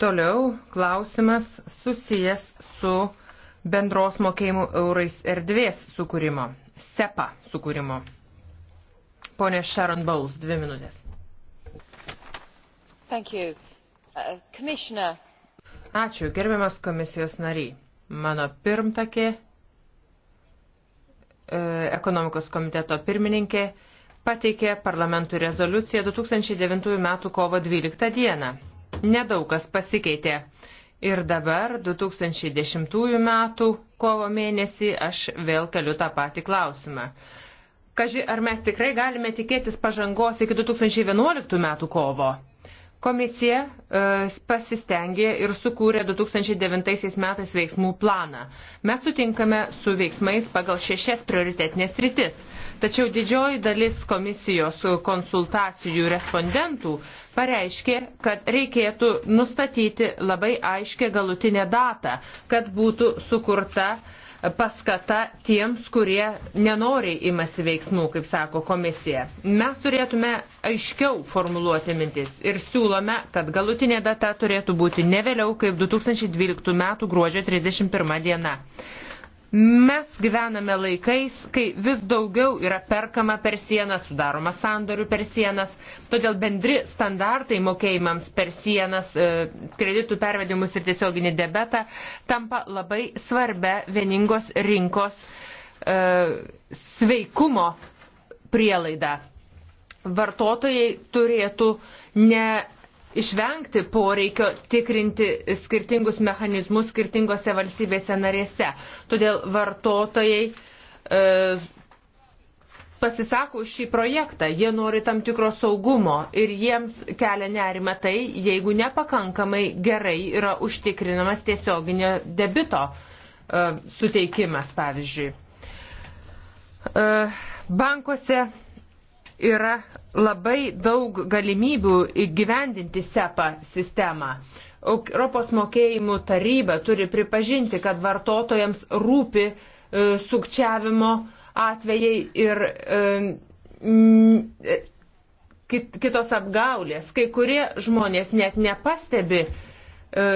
Toliau klausimas susijęs su bendros mokėjimų eurais erdvės sukūrimo, SEPA sukūrimo. Pone Sharon Bowles, dvi minutės. Uh, Ačiū, gerbiamas komisijos nariai. Mano pirmtakė, e, ekonomikos komiteto pirmininkė, pateikė parlamentų rezoliuciją 2009 m. kovo 12 d. Nedaug kas pasikeitė. Ir dabar, 2010 m. kovo mėnesį, aš vėl keliu tą patį klausimą. Kaži, ar mes tikrai galime tikėtis pažangos iki 2011 m. kovo? Komisija e, pasistengė ir sukūrė 2009 metais veiksmų planą. Mes sutinkame su veiksmais pagal šešias prioritetinės rytis Tačiau didžioji dalis komisijos konsultacijų respondentų pareiškė, kad reikėtų nustatyti labai aiškę galutinę datą, kad būtų sukurta paskata tiems, kurie nenoriai imasi veiksmų, kaip sako komisija. Mes turėtume aiškiau formuluoti mintis ir siūlome, kad galutinė data turėtų būti ne vėliau kaip 2012 m. gruodžio 31 diena. Mes gyvename laikais, kai vis daugiau yra perkama per sieną, sudaroma sandorių per sienas, todėl bendri standartai mokėjimams per sienas, e, kreditų pervedimus ir tiesioginį debetą tampa labai svarbia vieningos rinkos e, sveikumo prielaida. Vartotojai turėtų ne išvengti poreikio tikrinti skirtingus mechanizmus skirtingose valstybėse narėse. Todėl vartotojai e, pasisako už šį projektą, jie nori tam tikro saugumo ir jiems kelia nerima tai, jeigu nepakankamai gerai yra užtikrinamas tiesioginio debito e, suteikimas, pavyzdžiui. E, bankuose yra labai daug galimybių įgyvendinti SEPA sistemą. Europos mokėjimų taryba turi pripažinti, kad vartotojams rūpi e, sukčiavimo atvejai ir e, m, e, kitos apgaulės. Kai kurie žmonės net nepastebi e,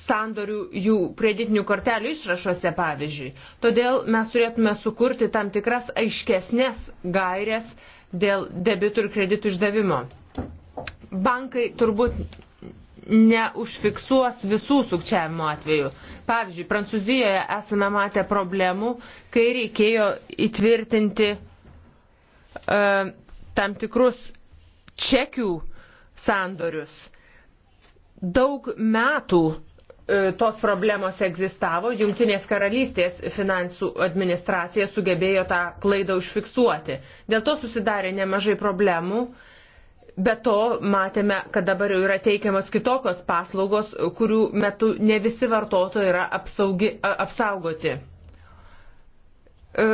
sandorių jų kreditinių kortelių išrašuose, pavyzdžiui. Todėl mes turėtume sukurti tam tikras aiškesnės gairės dėl debitų ir kreditų išdavimo. Bankai turbūt neužfiksuos visų sukčiavimo atvejų. Pavyzdžiui, Prancūzijoje esame matę problemų, kai reikėjo įtvirtinti uh, tam tikrus čekių sandorius. Daug metų E, tos problemos egzistavo, Junktinės karalystės finansų administracija sugebėjo tą klaidą užfiksuoti. Dėl to susidarė nemažai problemų. Be to, matėme, kad dabar jau yra teikiamas kitokios paslaugos, kurių metu ne visi vartotojai yra apsaugi, apsaugoti. E,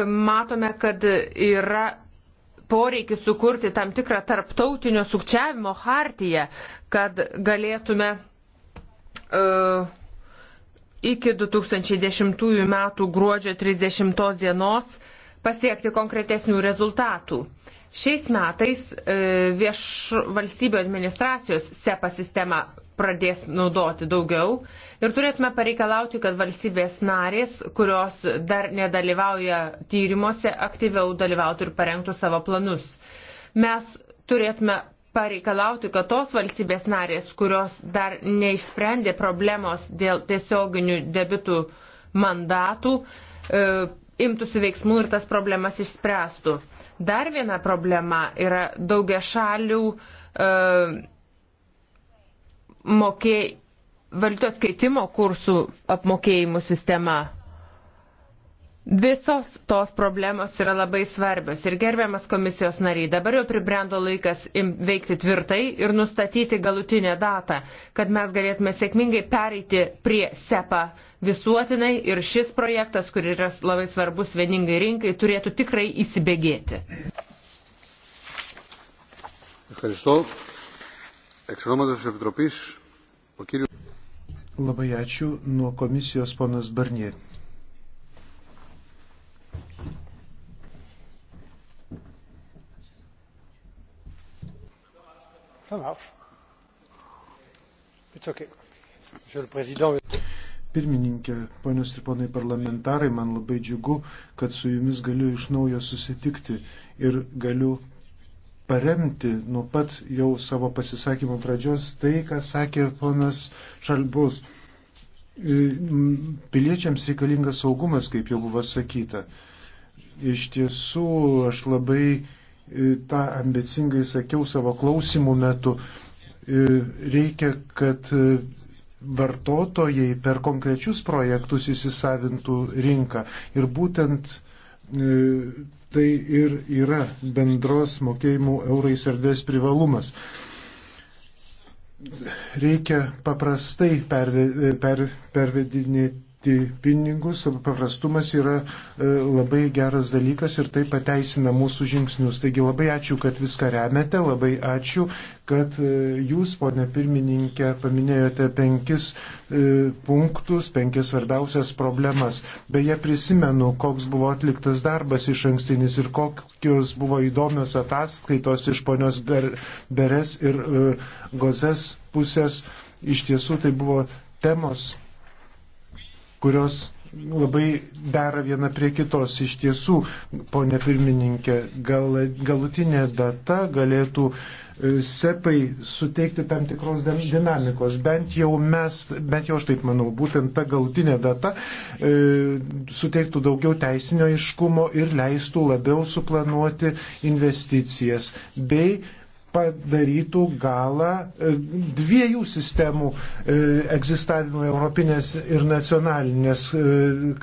matome, kad yra poreikis sukurti tam tikrą tarptautinio sukčiavimo hartiją, kad galėtume uh, iki 2010 metų gruodžio 30 dienos pasiekti konkretesnių rezultatų. Šiais metais e, vieš valstybių administracijos SEPA sistema pradės naudoti daugiau ir turėtume pareikalauti, kad valstybės narės, kurios dar nedalyvauja tyrimuose, aktyviau dalyvautų ir parengtų savo planus. Mes turėtume pareikalauti, kad tos valstybės narės, kurios dar neišsprendė problemos dėl tiesioginių debitų mandatų, e, imtųsi veiksmų ir tas problemas išspręstų. Dar viena problema yra daugia šalių e, mokė, valiutos keitimo kursų apmokėjimų sistema. Visos tos problemos yra labai svarbios ir gerbiamas komisijos nariai, dabar jau pribrendo laikas veikti tvirtai ir nustatyti galutinę datą, kad mes galėtume sėkmingai pereiti prie SEPA visuotinai ir šis projektas, kuris yra labai svarbus vieningai rinkai, turėtų tikrai įsibėgėti. Labai ačiū nuo komisijos ponas Barnier. Euh, Pirmininkė, ponios ir ponai parlamentarai, man labai džiugu, kad su jumis galiu iš naujo susitikti ir galiu paremti nuo pat jau savo pasisakymo pradžios tai, ką sakė ponas Šalbus. E, piliečiams reikalingas saugumas, kaip jau buvo sakyta. Iš tiesų, aš labai E, tą ambicingai sakiau savo klausimų metu, e, reikia, kad e, vartotojai per konkrečius projektus įsisavintų rinką. Ir būtent tai ir yra bendros mokėjimų eurais erdvės privalumas. Reikia paprastai pervedinėti uždirbti pinigus, paprastumas yra e, labai geras dalykas ir tai pateisina mūsų žingsnius. Taigi labai ačiū, kad viską remiate, labai ačiū, kad e, jūs, ponė pirmininkė, paminėjote penkis e, punktus, penkias svarbiausias problemas. Beje, prisimenu, koks buvo atliktas darbas iš ankstinis ir kokios buvo įdomios ataskaitos iš ponios Ber, Beres ir Gozes pusės. Iš tiesų tai buvo temos kurios labai dera viena prie kitos. Iš tiesų, ponė pirmininkė, gal, galutinė data galėtų e, sepai suteikti tam tikros dinamikos. Bent jau mes, bent jau aš taip manau, būtent ta galutinė data e, suteiktų daugiau teisinio iškumo ir leistų labiau suplanuoti investicijas bei padarytų galą e, dviejų sistemų e, egzistavimui - europinės ir nacionalinės, e,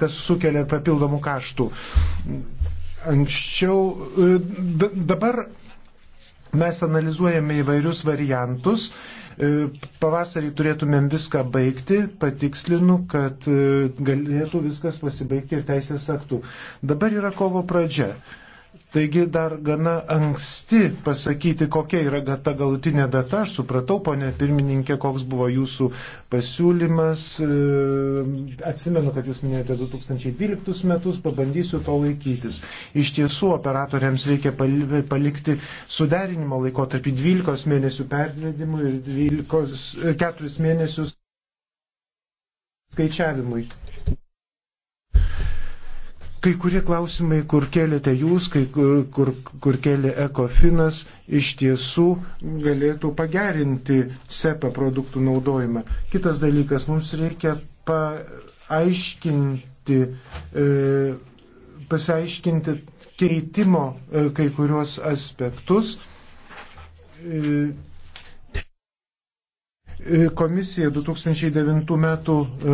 kas sukelia papildomų kaštų. Anksčiau, dabar mes analizuojame įvairius variantus. Pavasarį turėtumėm viską baigti, patikslinu, kad galėtų viskas pasibaigti ir teisės aktų. Dabar yra kovo pradžia. Taigi dar gana anksti pasakyti, kokia yra ta galutinė data. Aš supratau, ponė pirmininkė, koks buvo jūsų pasiūlymas. E, atsimenu, kad jūs minėjote 2012 metus, pabandysiu to laikytis. Iš tiesų, operatoriams reikia palikti suderinimo laiko tarp 12 mėnesių pervedimų ir 12, 4 e, mėnesius skaičiavimui. Kai kurie klausimai, kur kėlėte jūs, kai kur, kur, kur kėlė ekofinas, iš tiesų galėtų pagerinti SEPA produktų naudojimą. Kitas dalykas, mums reikia paaiškinti, e, pasiaiškinti keitimo e, kai kurios aspektus. E, E, komisija 2009 metų e,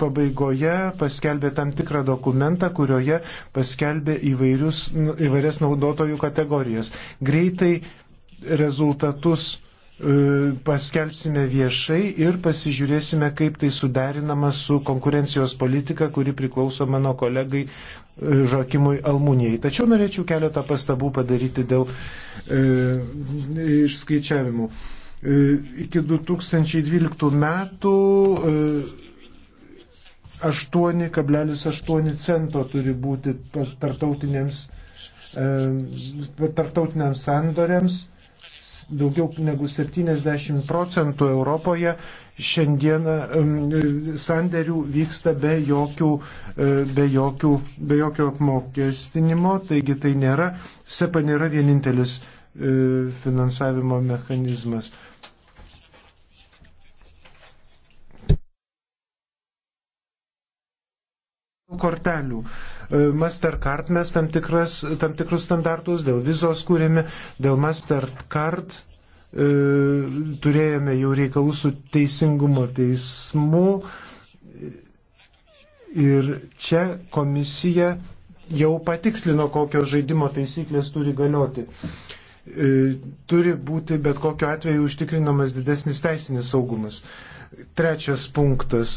pabaigoje paskelbė tam tikrą dokumentą, kurioje paskelbė įvairius, įvairias naudotojų kategorijas. Greitai rezultatus e, paskelbsime viešai ir pasižiūrėsime, kaip tai suderinama su konkurencijos politika, kuri priklauso mano kolegai Žakimui Almūnijai. Tačiau norėčiau keletą pastabų padaryti dėl e, išskaičiavimų. E, E, iki 2012 metų 8,8 e, cento turi būti tartautiniams, e, tartautiniams sandoriams. Daugiau negu 70 procentų Europoje šiandieną sandėrių vyksta be, jokių, be, jokių, be jokio apmokestinimo, taigi tai nėra, SEPA nėra vienintelis E, finansavimo mechanizmas. kortelių. E, Mastercard mes tam, tikras, tam tikrus standartus dėl vizos kūrėme, dėl Mastercard e, turėjome jau reikalų su teisingumo teismu ir čia komisija jau patikslino, kokios žaidimo taisyklės turi galioti. E, E, turi būti bet kokiu atveju užtikrinamas didesnis teisinis saugumas. Trečias punktas.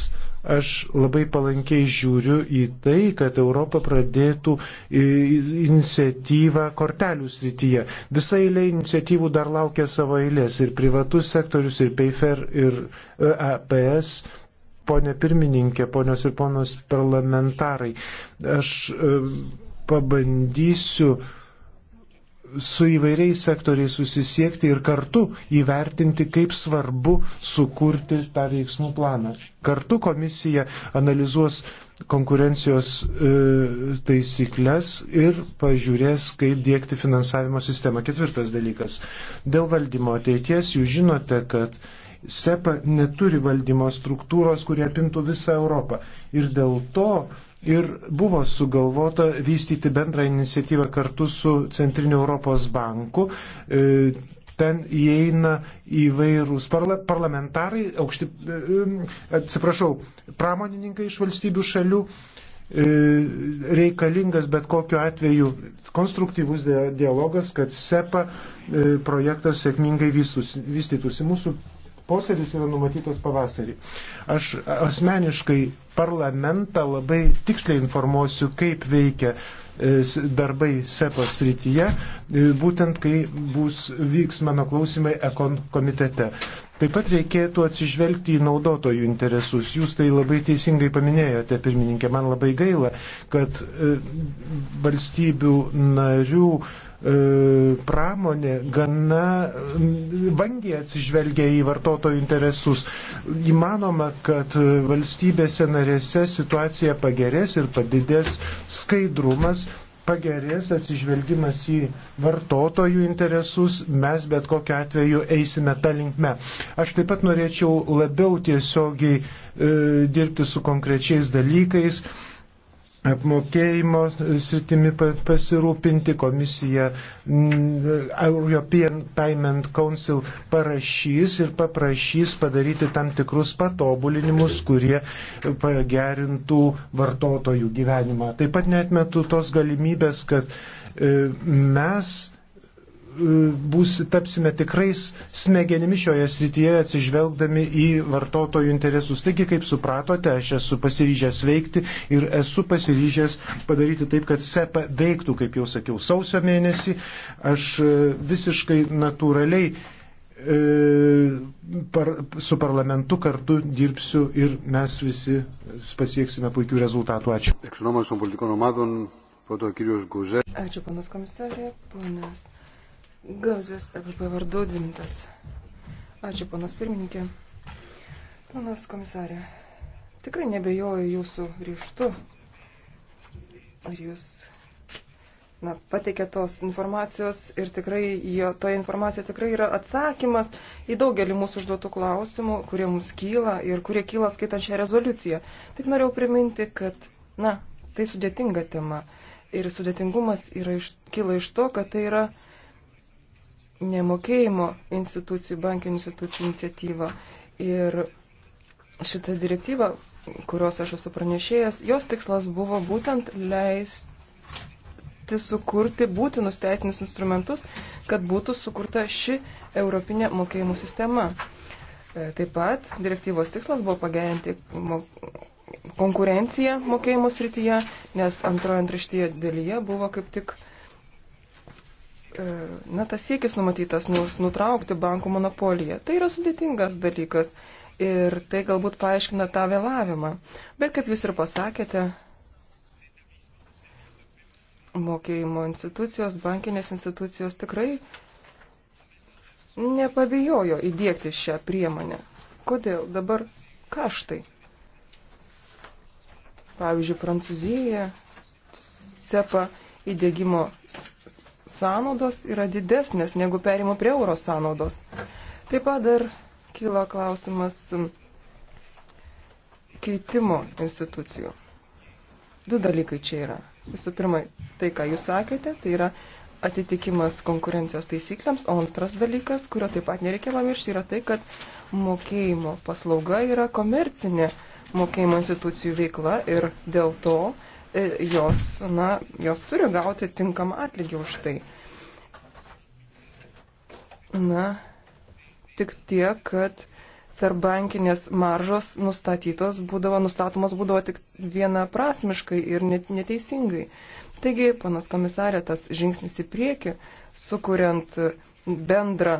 Aš labai palankiai žiūriu į tai, kad Europa pradėtų iniciatyvą kortelių srityje. Visa eilė iniciatyvų dar laukia savo eilės ir privatus sektorius, ir PayFair, ir EAPS. Pone pirmininkė, ponios ir ponos parlamentarai, aš e, pabandysiu uh, su įvairiais sektoriais susisiekti ir kartu įvertinti, kaip svarbu sukurti tą veiksmų planą. Kartu komisija analizuos konkurencijos e, taisyklės ir pažiūrės, kaip dėkti finansavimo sistemą. Ketvirtas dalykas. Dėl valdymo ateities jūs žinote, kad SEPA neturi valdymo struktūros, kurie apimtų visą Europą. Ir dėl to ir buvo sugalvota vystyti bendrą iniciatyvą kartu su Centriniu Europos banku. E, ten įeina įvairūs parla parlamentarai, aukšti, e, e, atsiprašau, pramonininkai iš valstybių šalių, reikalingas bet kokiu atveju konstruktyvus dialogas, kad SEPA projektas sėkmingai vystytųsi. Mūsų posėdis yra numatytas pavasarį. Aš asmeniškai parlamentą labai tiksliai informuosiu, kaip veikia darbai SEPOS e rytyje, e, būtent kai bus, vyks mano klausimai ekon komitete. Taip pat reikėtų atsižvelgti į naudotojų interesus. Jūs tai labai teisingai paminėjote, pirmininkė. Man labai gaila, kad e, valstybių narių pramonė gana vangiai atsižvelgia į vartotojų interesus. Įmanoma, kad valstybėse narėse situacija pagerės ir padidės skaidrumas pagerės atsižvelgimas į vartotojų interesus, mes bet kokiu atveju eisime tą linkmę. Aš taip pat norėčiau labiau tiesiogiai e, dirbti su konkrečiais dalykais. E, apmokėjimo sritimi pasirūpinti. Komisija mm, European Payment Council parašys ir paprašys padaryti tam tikrus patobulinimus, kurie pagerintų vartotojų gyvenimą. Taip pat netmetu tos galimybės, kad e, mes būs, tapsime tikrais smegenimi šioje srityje atsižvelgdami į vartotojų interesus. Taigi, kaip supratote, aš esu pasiryžęs veikti ir esu pasiryžęs padaryti taip, kad SEPA veiktų, kaip jau sakiau, sausio mėnesį. Aš e, visiškai natūraliai e, par, su parlamentu kartu dirbsiu ir mes visi pasieksime puikių rezultatų. Ačiū. Ačiū, panas komisarė, panas Gauzės EPP vardu dvi mintas. Ačiū, panas pirmininkė. Panas komisarė, tikrai nebejoju jūsų ryštu. Ar jūs na, pateikė tos informacijos ir tikrai jo, toje informacijoje tikrai yra atsakymas į daugelį mūsų užduotų klausimų, kurie mums kyla ir kurie kyla skaitant šią rezoliuciją. Tik norėjau priminti, kad, na, tai sudėtinga tema ir sudėtingumas yra iš, kyla iš to, kad tai yra nemokėjimo institucijų, bankinių institucijų iniciatyva. Ir šita direktyva, kurios aš esu pranešėjęs, jos tikslas buvo būtent leisti sukurti būtinus teisinius instrumentus, kad būtų sukurta ši europinė mokėjimų sistema. E, taip pat direktyvos tikslas buvo pagerinti konkurenciją mokėjimų srityje, nes antroje antraštyje dalyje buvo kaip tik uh, E, na, tas siekis numatytas nus, nutraukti bankų monopoliją. Tai yra sudėtingas dalykas ir tai galbūt paaiškina tą vėlavimą. Bet kaip jūs ir pasakėte, mokėjimo institucijos, bankinės institucijos tikrai nepabijojo įdėkti šią priemonę. Kodėl dabar kaštai? Pavyzdžiui, Prancūzijoje CEPA įdėgymo sąnaudos yra didesnės negu perimo prie euro sąnaudos. Taip pat dar kyla klausimas keitimo institucijų. Du dalykai čia yra. Visų pirma, tai, ką jūs sakėte, tai yra atitikimas konkurencijos taisykliams, o antras dalykas, kurio taip pat nereikia pamiršti, yra tai, kad mokėjimo paslauga yra komercinė mokėjimo institucijų veikla ir dėl to E, jos, na, jos turi gauti tinkamą atlygį už tai. Na, tik tiek, kad tarp bankinės maržos nustatytos būdavo, nustatomos būdavo tik viena prasmiškai ir neteisingai. Taigi, panas komisarė, tas žingsnis į priekį, sukuriant bendrą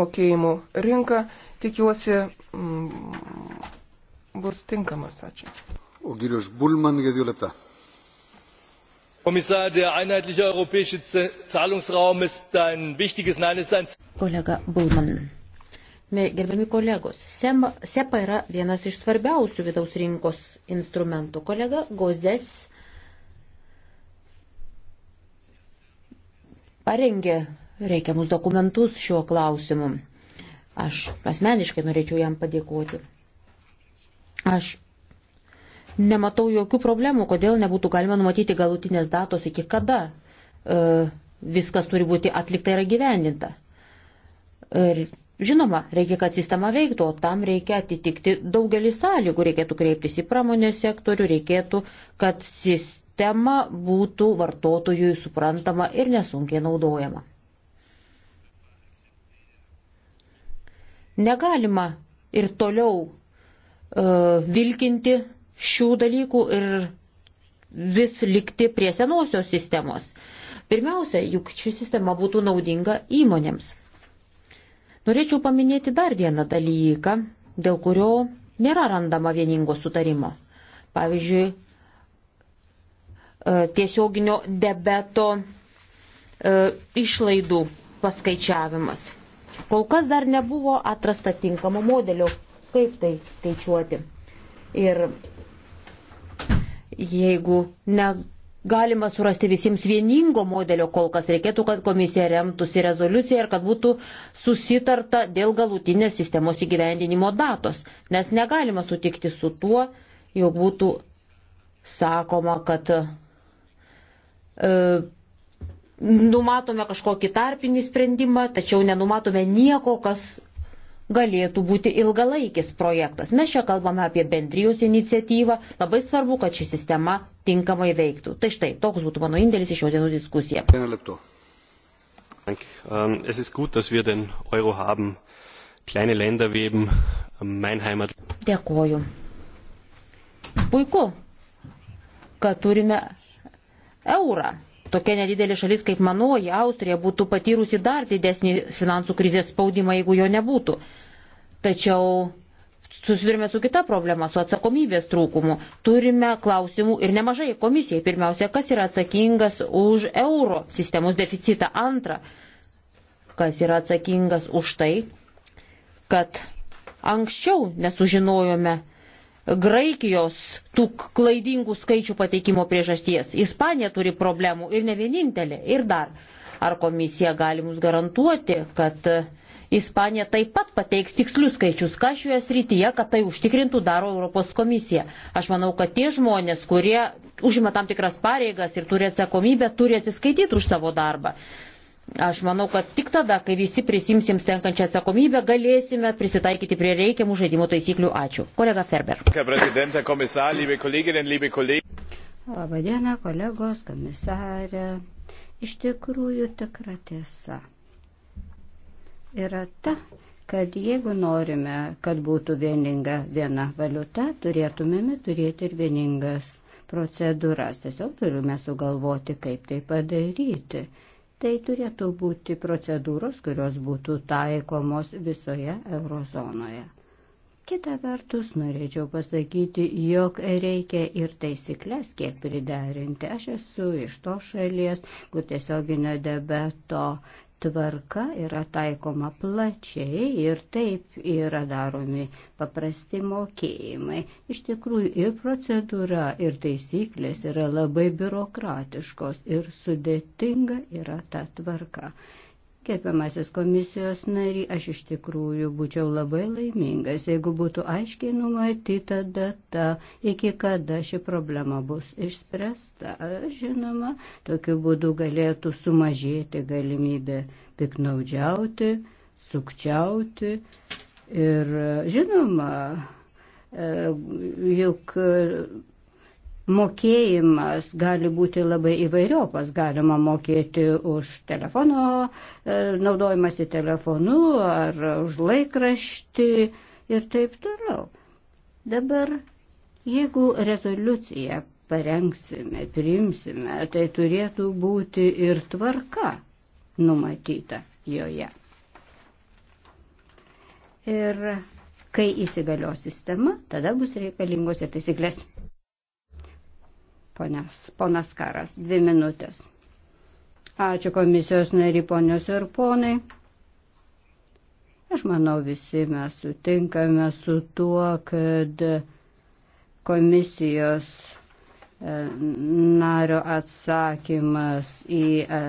mokėjimų rinką, tikiuosi, mm, bus tinkamas. Ačiū herr kommissar der einheitliche europäische zahlungsraum ist ein wichtiges nein ist ein. kolega bullmann gerbiami kolegos sepa yra vienas iš svarbiausių vidaus rinkos instrumentų kolega gozes parengė reikiamus dokumentus šiuo klausimu aš asmeniškai norėčiau jam padėkoti aš nematau jokių problemų, kodėl nebūtų galima numatyti galutinės datos, iki kada e, viskas turi būti atlikta ir gyvendinta. E, ir žinoma, reikia, kad sistema veiktų, o tam reikia atitikti daugelį sąlygų, reikėtų kreiptis į pramonės sektorių, reikėtų, kad sistema būtų vartotojui suprantama ir nesunkiai naudojama. Negalima ir toliau uh, vilkinti šių dalykų ir vis likti prie senosios sistemos. Pirmiausia, juk ši sistema būtų naudinga įmonėms. Norėčiau paminėti dar vieną dalyką, dėl kurio nėra randama vieningo sutarimo. Pavyzdžiui, e, tiesioginio debeto e, išlaidų paskaičiavimas. Kol kas dar nebuvo atrasta tinkamo modelio, kaip tai skaičiuoti. Ir jeigu negalima surasti visiems vieningo modelio, kol kas reikėtų, kad komisija remtųsi rezoliuciją ir kad būtų susitarta dėl galutinės sistemos įgyvendinimo datos, nes negalima sutikti su tuo, jau būtų sakoma, kad e, numatome kažkokį tarpinį sprendimą, tačiau nenumatome nieko, kas galėtų būti ilgalaikis projektas. Mes čia kalbame apie bendrijos iniciatyvą, labai svarbu, kad ši sistema tinkamai veiktų. Tai štai, toks būtų mano indėlis į šios dienos diskusiją. Ähm, es ist gut, dass wir den Euro haben. Kleine Länder wie eben ähm, mein Heimat. Dėkoju. Puiku, kad turime eurą tokia nedidelė šalis kaip manoji, Austrija, būtų patyrusi dar didesnį finansų krizės spaudimą, jeigu jo nebūtų. Tačiau susidurime su kita problema, su atsakomybės trūkumu. Turime klausimų ir nemažai komisijai. Pirmiausia, kas yra atsakingas už euro sistemos deficitą? Antra, kas yra atsakingas už tai, kad anksčiau nesužinojome, Graikijos tų klaidingų skaičių pateikimo priežasties. Ispanija turi problemų ir ne vienintelė. Ir dar, ar komisija gali mus garantuoti, kad Ispanija taip pat pateiks tikslius skaičius, ką šioje srityje, kad tai užtikrintų daro Europos komisija. Aš manau, kad tie žmonės, kurie užima tam tikras pareigas ir turi atsakomybę, turi atsiskaityti už savo darbą. Aš manau, kad tik tada, kai visi prisimsim tenkančią atsakomybę, galėsime prisitaikyti prie reikiamų žaidimo taisyklių. Ačiū. Kolega Ferber. Labadiena, kolegos, komisarė. Iš tikrųjų, tikra tiesa yra ta, kad jeigu norime, kad būtų vieninga viena valiuta, turėtumėme turėti ir vieningas procedūras. Tiesiog turime sugalvoti, kaip tai padaryti. Tai turėtų būti procedūros, kurios būtų taikomos visoje eurozonoje. Kita vertus, norėčiau pasakyti, jog reikia ir taisyklės kiek priderinti. Aš esu iš to šalies, kur tiesioginio debeto tvarka yra taikoma plačiai ir taip yra daromi paprasti mokėjimai. Iš tikrųjų ir procedūra, ir taisyklės yra labai biurokratiškos ir sudėtinga yra ta tvarka. Gerbiamasis komisijos nary, aš iš tikrųjų būčiau labai laimingas, jeigu būtų aiškiai numatyta data, iki kada ši problema bus išspręsta. Žinoma, tokiu būdu galėtų sumažėti galimybė piknaudžiauti, sukčiauti. Ir žinoma, e, juk mokėjimas gali būti labai įvairiopas. Galima mokėti už telefono, e, naudojimasi telefonu ar už laikraštį ir taip toliau. Dabar, jeigu rezoliuciją parengsime, priimsime, tai turėtų būti ir tvarka numatyta joje. Ir kai įsigalios sistema, tada bus reikalingos ir taisyklės. Ponas, ponas Karas, dvi minutės. Ačiū komisijos nari, ponios ir ponai. Aš manau, visi mes sutinkame su tuo, kad komisijos nario atsakymas į e,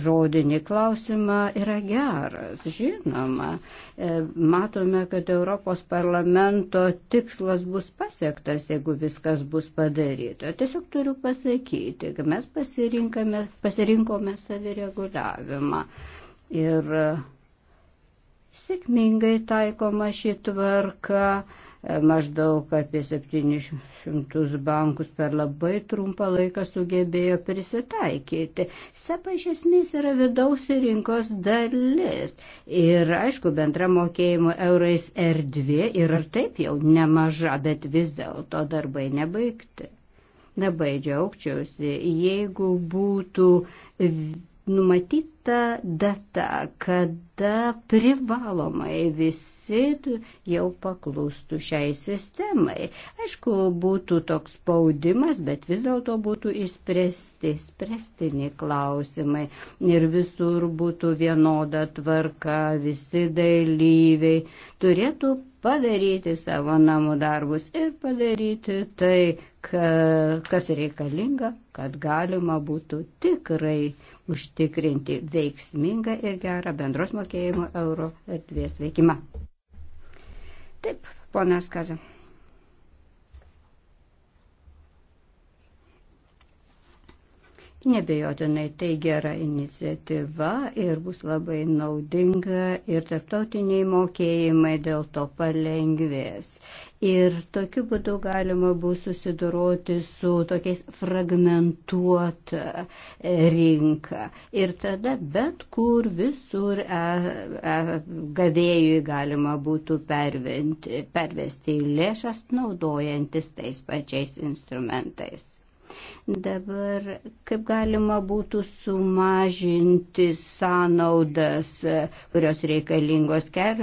žodinį klausimą yra geras. Žinoma, e, matome, kad Europos parlamento tikslas bus pasiektas, jeigu viskas bus padaryta. Tiesiog turiu pasakyti, kad mes pasirinkome savireguliavimą. Ir e, sėkmingai taikoma šį tvarką maždaug apie 700 bankus per labai trumpą laiką sugebėjo prisitaikyti. SEPA iš esmės yra vidaus rinkos dalis. Ir aišku, bendra mokėjimo eurais erdvė ir ar taip jau nemaža, bet vis dėlto darbai nebaigti. Labai džiaugčiausi, jeigu būtų numatyta data, kada privalomai visi jau paklūstų šiai sistemai. Aišku, būtų toks spaudimas, bet vis dėlto būtų įspręsti, spręstini klausimai ir visur būtų vienoda tvarka, visi dalyviai turėtų padaryti savo namų darbus ir padaryti tai, kas reikalinga, kad galima būtų tikrai užtikrinti veiksmingą ir gerą bendros mokėjimo euro erdvės veikimą. Taip, ponas Kaza. Nebejotinai tai gera iniciatyva ir bus labai naudinga ir tarptautiniai mokėjimai dėl to palengvės. Ir tokiu būdu galima bus susidoroti su tokiais fragmentuota e, rinka. Ir tada bet kur visur e, e, gavėjui galima būtų pervesti lėšas naudojantis tais pačiais instrumentais. Dabar kaip galima būtų sumažinti sąnaudas, kurios reikalingos ker,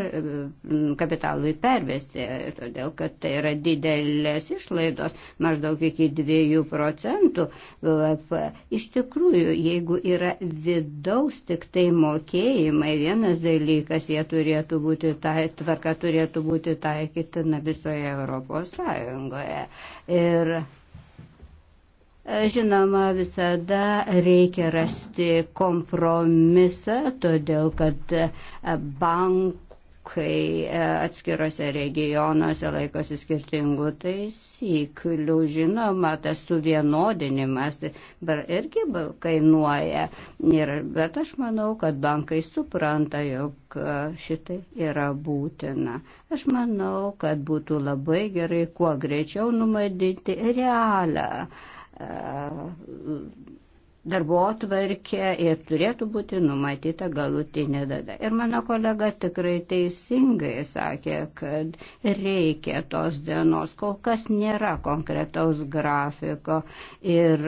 kapitalui pervesti, todėl kad tai yra didelės išlaidos, maždaug iki 2 procentų BVP. Iš tikrųjų, jeigu yra vidaus tik tai mokėjimai, vienas dalykas, jie turėtų būti, tai, tvarka turėtų būti taikytina visoje Europos Sąjungoje. Ir Žinoma, visada reikia rasti kompromisą, todėl kad e, bankai e, atskirose regionuose laikosi skirtingų taisyklių. Žinoma, tas suvienodinimas irgi kainuoja. Ir, bet aš manau, kad bankai supranta, jog e, šitai yra būtina. Aš manau, kad būtų labai gerai kuo greičiau numadyti realią darbo atvarkė ir turėtų būti numatyta galutinė data. Ir mano kolega tikrai teisingai sakė, kad reikia tos dienos, kol kas nėra konkretaus grafiko ir,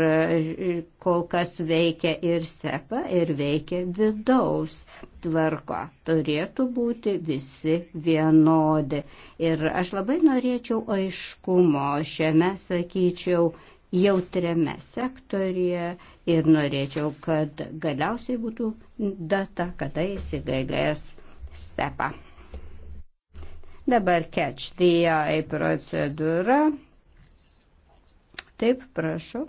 ir kol kas veikia ir SEPA, ir veikia vidaus tvarka. Turėtų būti visi vienodi. Ir aš labai norėčiau aiškumo šiame, sakyčiau, jautriame sektorija ir norėčiau, kad galiausiai būtų data, kada įsigalės SEPA. Dabar catch the eye procedūra. Taip, prašau.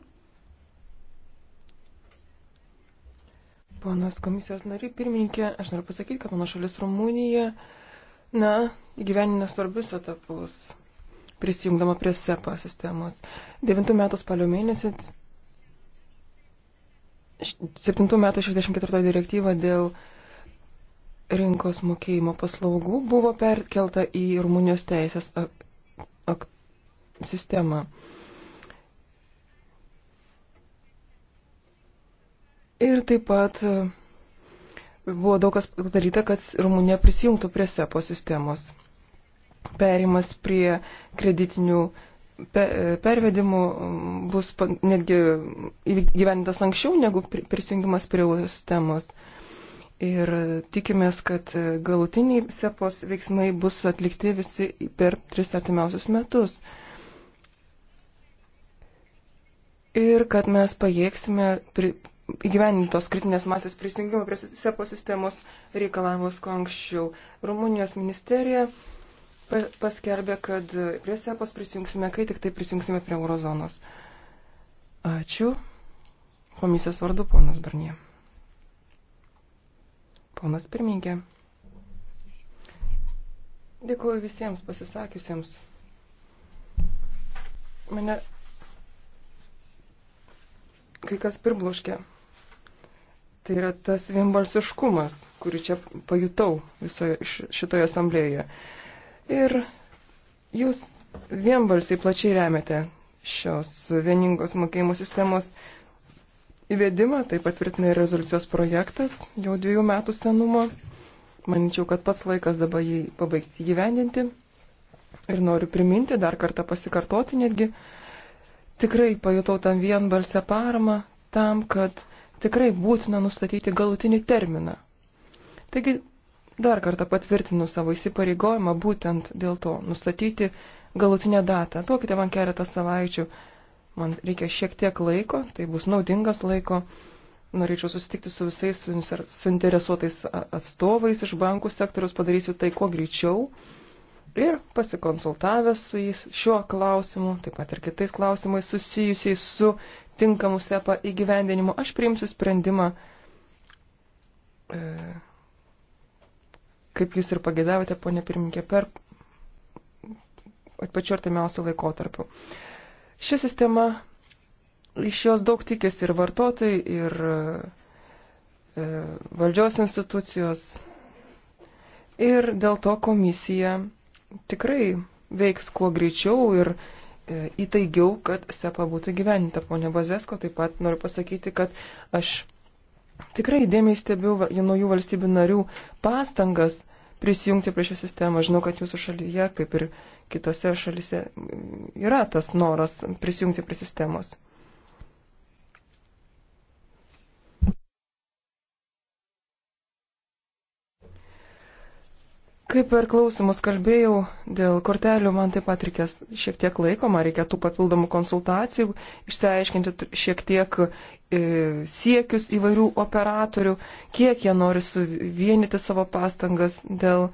Ponas komisijos nariai, pirmininkė, aš noriu pasakyti, kad mano šalis Rumunija, na, gyveninė svarbius etapus prisijungdama prie SEPA sistemos. 9 metų spalio mėnesį 7 metų 64 direktyva dėl rinkos mokėjimo paslaugų buvo perkelta į Rumunijos teisės sistemą. Ir taip pat e, buvo daug kas padaryta, kad Rumunija prisijungtų prie SEPO sistemos perimas prie kreditinių pervedimų mm, bus netgi gyventas anksčiau negu prisijungimas prie sistemos. Ir tikimės, kad galutiniai SEPOS e veiksmai bus atlikti visi per tris artimiausius metus. Ir kad mes pajėgsime pri, įgyvenintos kritinės masės prisijungimo prie SEPOS e sistemos reikalavimus kuo anksčiau. Rumunijos ministerija paskelbė, kad prie SEPOS prisijungsime, kai tik tai prisijungsime prie eurozonos. Ačiū. Komisijos vardu ponas Barnie. Ponas pirmininkė. Dėkuoju visiems pasisakiusiems. Mane kai kas pirbloškė. Tai yra tas vienbalsiškumas, kurį čia pajutau visoje šitoje asamblėje. Ir jūs vienbalsiai plačiai remiate šios vieningos mokėjimų sistemos įvedimą, taip patvirtina ir rezoliucijos projektas, jau dviejų metų senumo. Manyčiau, kad pats laikas dabar jį pabaigti gyvendinti. Ir noriu priminti, dar kartą pasikartoti netgi, tikrai pajutau tam vienbalsę paramą tam, kad tikrai būtina nustatyti galutinį terminą. Taigi dar kartą patvirtinu savo įsipareigojimą būtent dėl to nustatyti galutinę datą. Duokite man keletą savaičių, man reikia šiek tiek laiko, tai bus naudingas laiko. Norėčiau susitikti su visais suinteresuotais atstovais iš bankų sektoriaus, padarysiu tai kuo greičiau ir pasikonsultavęs su jais šiuo klausimu, taip pat ir kitais klausimais susijusiais su tinkamu SEPA įgyvendinimu, aš priimsiu sprendimą. E, kaip jūs ir pagėdavote, ponė pirmininkė, per pačiu artimiausiu laikotarpiu. Ši sistema, iš jos daug tikės ir vartotojai, ir e, valdžios institucijos. Ir dėl to komisija tikrai veiks kuo greičiau ir e, įtaigiau, kad SEPA būtų gyveninta. Pone Bazesko, taip pat noriu pasakyti, kad aš Tikrai dėmiai stebiu naujų valstybių narių pastangas prisijungti prie šią sistemą. Žinau, kad jūsų šalyje, kaip ir kitose šalyse, yra tas noras prisijungti prie sistemos. Kaip per klausimus kalbėjau, dėl kortelių man taip pat reikės šiek tiek laiko, man reikėtų papildomų konsultacijų, išsiaiškinti šiek tiek E, siekius įvairių operatorių, kiek jie nori suvienyti savo pastangas dėl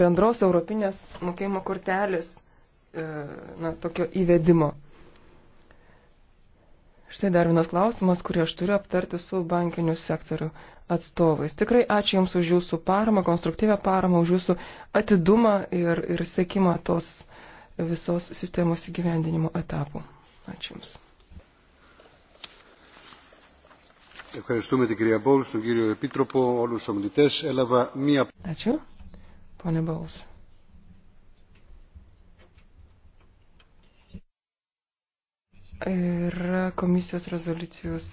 bendros europinės mokėjimo kortelės e, na, tokio įvedimo. Štai dar vienas klausimas, kurį aš turiu aptarti su bankiniu sektoriu atstovais. Tikrai ačiū Jums už Jūsų paramą, konstruktyvę paramą, už Jūsų atidumą ir, ir sėkimą tos visos sistemos įgyvendinimo etapų. Ačiū Jums. Ευχαριστούμε την κυρία Μπόλς, τον κύριο Επίτροπο, όλους τους ομιλητές. Έλαβα μία... Ačiū. Pone Bauls. Ir komisijos rezoliucijos,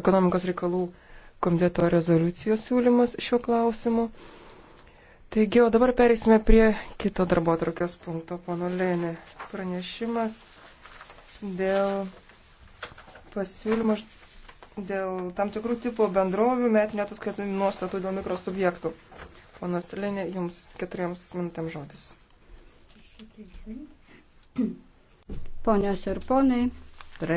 ekonomikos reikalų komiteto rezoliucijos siūlymas šiuo klausimu. Taigi, o dabar pereisime prie kito darbo atrukės punkto, pono Lėnė. Pranešimas dėl pasiūlymų dėl tam tikrų tipų bendrovių metinio ataskaitų nuostatų dėl mikrosubjektų. Ponas Lenė, jums keturiems minutėm žodis. Ponios ir ponai,